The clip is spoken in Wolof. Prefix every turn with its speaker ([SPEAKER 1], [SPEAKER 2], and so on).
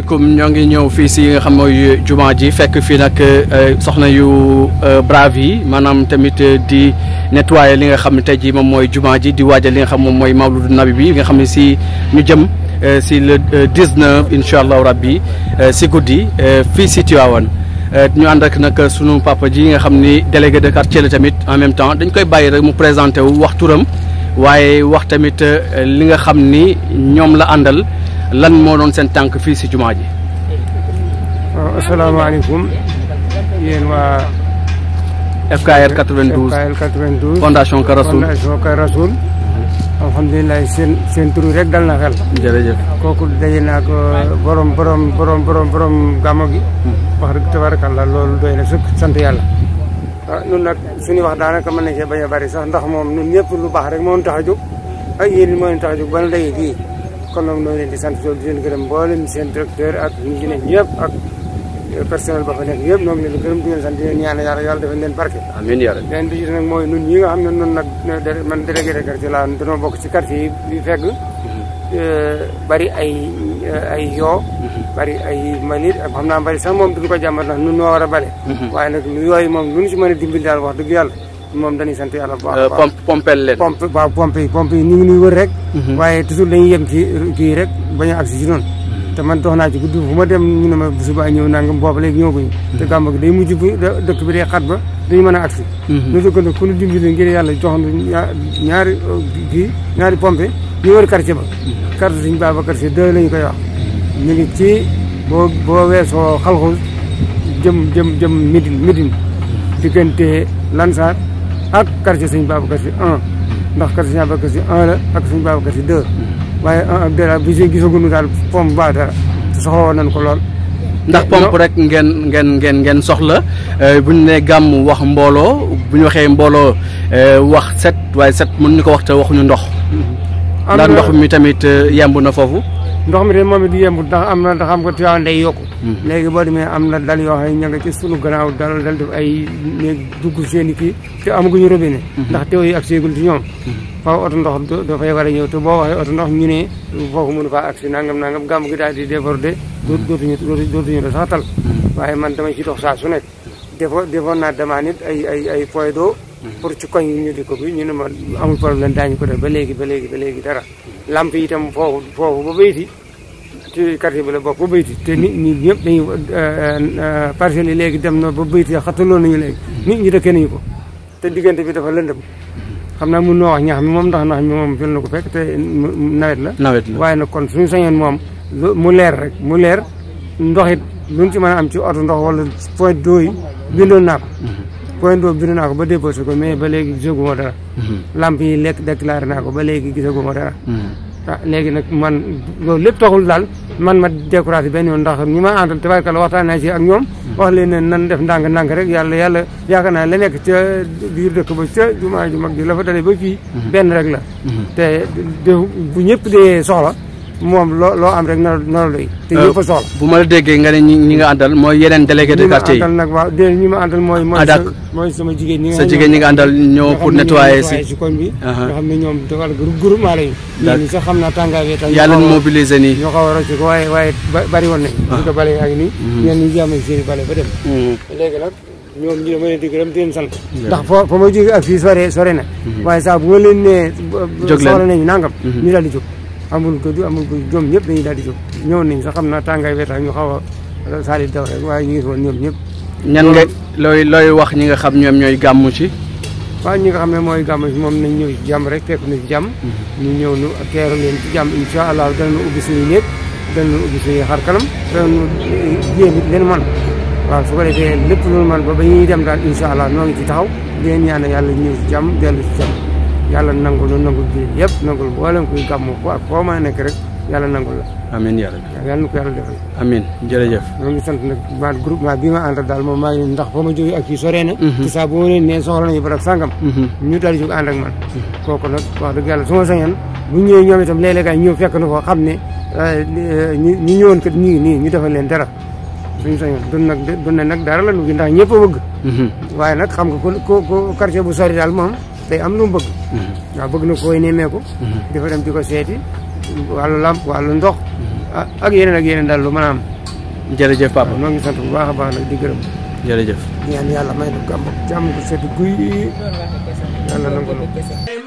[SPEAKER 1] comme ñoo ngi ñëw fii si nga xam mooy jumaa ji fekk fii nag euh, soxna yu euh, brave yi maanaam tamit di nettoyer li nga xam ne tey jii moom mooy jumaa ji di waaja li nga xam moom mooy mawludu nabi bi nga xam ne si ñu jëm euh, si le 19 incha allahu rabbi si guddi fii si Tivaouane ñu ànd ak nag sunu papa ji nga xam ni délégué de quartier la tamit en même temps dañ koy bàyyi rek mu présenté wu wax turam waaye wax tamit li nga xam ni ñoom la àndal. lan moo doon seen tànk fii si jumaa ji.
[SPEAKER 2] waaw asalaamaaleykum yéen waa.
[SPEAKER 1] FKR 92 FKR 92. fondation Karasoul fondation
[SPEAKER 2] Karasoul. alhamdulilah seen rek dal na xel. jërëjëf kooku daje naa ko euh, borom borom borom borom borom gàmmo gi. Hmm. wax dëgg tabarakallah loolu doy na sëkk sant yàlla. ah ñun nag suñu wax daanaka mën na cee bañ bari sax ndax moom ñun ñëpp lu baax rek moo ñu tax a jóg ak moo ñu tax a jóg ba léegi kon nag ñoo leen di sant loolu di leen gërëm mboolem seen directeur ak ñi ci ñëpp ak personnel ba fa nekk yëpp ñoo ngi leen di gërëm di leen sant di leen ñaan yàlla yàlla leen barke amiin yàlla leen di nag mooy nun ñi nga xam ne noonu nag man délégué de quartier laa danoo bokk ci quartier yi fekk mhm. euh, bari ay euh, ay yoo mhm. bari ay manit ak xam naa bari sax moom duñu ko jàmbat ndax nun noo war a bale mhm. waaye nag yooyu moom lu ñu si mën dimbil daal wax dëgg yàlla moom dañuy sant yàlla bu baax euh, pompe pompel leen pompe waaw pompe yi pompe yi ñu ngi nuy wër rek mhm. waaye toujours dañuy yem ci kii rek bañ a agsi ci noonu mhm. te man dox naa ci guddi fu ma dem ñu ne ma bu suba ñëw nangam boobu léegi ñëwaguñu mhm. te gàmb gi day mujj bu dëkk bi day xat ba dañu mën a agsi ñu dëkk nag ku nu dimbali ngir yàlla joxandu ñaari oh, kii ñaari pompe ñu wër quartier ba quartier suñu baaba quartier deux lañu koy wax ñu ngi ci boo boo weesoo xalxul jëm jëm jëm midin midin diggante lansaar ak quartier sëñ Babacar Sy 1 ndax quartier sëñ Babacar Sy 1 la ak sëñ Babacar Sy 2 waaye 1 ak 2 daal bu see gisaguñu daal pompe ba dara te soxlawoon nañ ko lool
[SPEAKER 1] ndax pompe rek ngeen ngeen ngeen ngeen soxla euh, bu ñu nee gàmm wax mbooloo bu ñu waxee mbooloo euh, wax set waaye set mën ñu ko wax te waxuñu ndox ndax ndox mi tamit euh, yemb na foofu
[SPEAKER 2] ndox mi de moom it yembul ndax am na ndax xam nga Tivaouane day yokk hmm. léegi boo demee am na dal yoo xam ne ña nga ci sunu gannaaw dal dal def ay néeg dugg seen i kii te amaguñu robinet hmm. ndax teew yi ak seegul ci ñoom hmm. faaw ndox dafay war a ñëw te boo waxee oto ndox ñu ne foofu mënu faa agsi nangam nangam gàmm gi daal di déborder dootuñu dootuñu la sax tal waaye man damay ci dox saa su nekk defo defoon naa demande ay ay ay point d'eau pour ci koñ ñu di ko bi ñu ne ma amul problème daañu ko def ba léegi ba léegi léegi dara lamp yitam itam foofu foofu ba bayti ci quartier bi bokk ba bayti te ni ñi ñëpp dañu euh, euh, euh, parcelles yi léegi dem na ba bayti xataloo nañu léegi nit ñi dëkkee nañu ko te diggante bi dafa lëndëm xam naa mun noo wax ñax mi moom ndax ndax mi moom fil na ko fekk te nawet la nawet la waaye nag kon suñu sañoon moom mu leer rek mu leer ndox it luñ ci mën a am ci oto ndox wala point d'eau bindoo naa ko mm-hmm. point boobu bind naa ko ba déposé ko mais ba léegi gisagu ma dara. Mhm. lamp yi lekk déclaré naa ko ba léegi gisagu ma dara. Mhm. ah léegi nag man loolu lépp taxul daal man ma découragé benn yoon ndax ñi ma àndal tabarkalla waxtaan naa ci ak ñoom. Mhm. wax leen nan def ndànk-ndànk rek yàlla yàlla yaakaar naa la nekk ca biir dëkk ba ca jumaa ju mag la fa dalee ba fii. benn rek la. te bu ñëpp dee soxla. moom loo loo am rek na na te ñëpp a soxla.
[SPEAKER 1] bu ma la déggee nga ne ñi ñi nga àndal mooy yeneen délégué de quartier yi. ma àndal
[SPEAKER 2] nag waaw déedéet ñi ma àndal mooy. Ah, mooy sama jigéen ñi nga. sa jigéen ñi nga àndal ñoo pour nettoyer si. si koñ uh-huh. xam ne ñoom dafa groupement lañu. ñun ñi sax xam naa tàngaay bi. tàngaay yàlla mobiliser nii. ñoo a rocc ko waaye waaye bari uh-huh. uh-huh. di gërëm di leen sant ndax foo fa ma jóge ak fii sore sore na waaye saa bu ma leen nee soxla nañu nangam ñu daal di jóg amul ko du amul ko ñoom dañuy daal di jóg ñëw nañ sax xam naa tàngaay bee tax ñu xaw a saali daw rek waaye ñu ngi woon ñoom ñëpp
[SPEAKER 1] ñan nga looy looy wax ñi nga xam ñoom ñooy gàmmu ci
[SPEAKER 2] waaw ñi nga xam ne mooy gàmmu ci moom nañ ñëw ci jàmm rek fekk na ci jàmm mhm. ñu ñëw nu teeru leen ci jàmm incha allah danañu ubbi suñu néeg danañu ubbi suñu xar kanam danañu jéem it leen man waaw su ko defee lépp loolu man ba ba ñuy dem daal incha allah noo ngi ci taxaw leen ñaan yàlla ñëw ci jàmm dellu ci jàmm yàlla nangul nu nangul ji yëpp nangul mboolem kuy gàmmu ko ak foo ma nekk rek yàlla nangul la amiin yàlla yàlla na ko yàlla defal
[SPEAKER 1] amiin jërëjëf ñoo ngi
[SPEAKER 2] sant nag ma groupement bii ma àndal daal mo maa ngi ndax fa ma jógee ak fii soree na mhm. te saa bu ma leen nee soxla nañu barab sàngam mhm. ñu daal di jóg ànd ak man mhm. kooku nag wax dëgg yàlla su ma sañoon bu ñëwee ñoom itam léeg-léeg ay ñëw fekk na ko xam ne ñu ñëwoon kat ñii ñu defal leen dara suñu sañoon dun nag dun ne nag dara la nu gi ndax waaye nag xam nga ko ko quartier bu sori daal moom day am lu mu bëgg mm-hmm. waaw bëgg na koy ko dafa dem di ko seeti wàllu làmp wàllu ndox mm-hmm. ah, ak yeneen ak yeneen daal lu mën a am jërëjëf papa noo ngi sant bu baax a baax nag di gërëm jërëjëf ñaan yàlla may na ko am jàmm ko seeti guy yàlla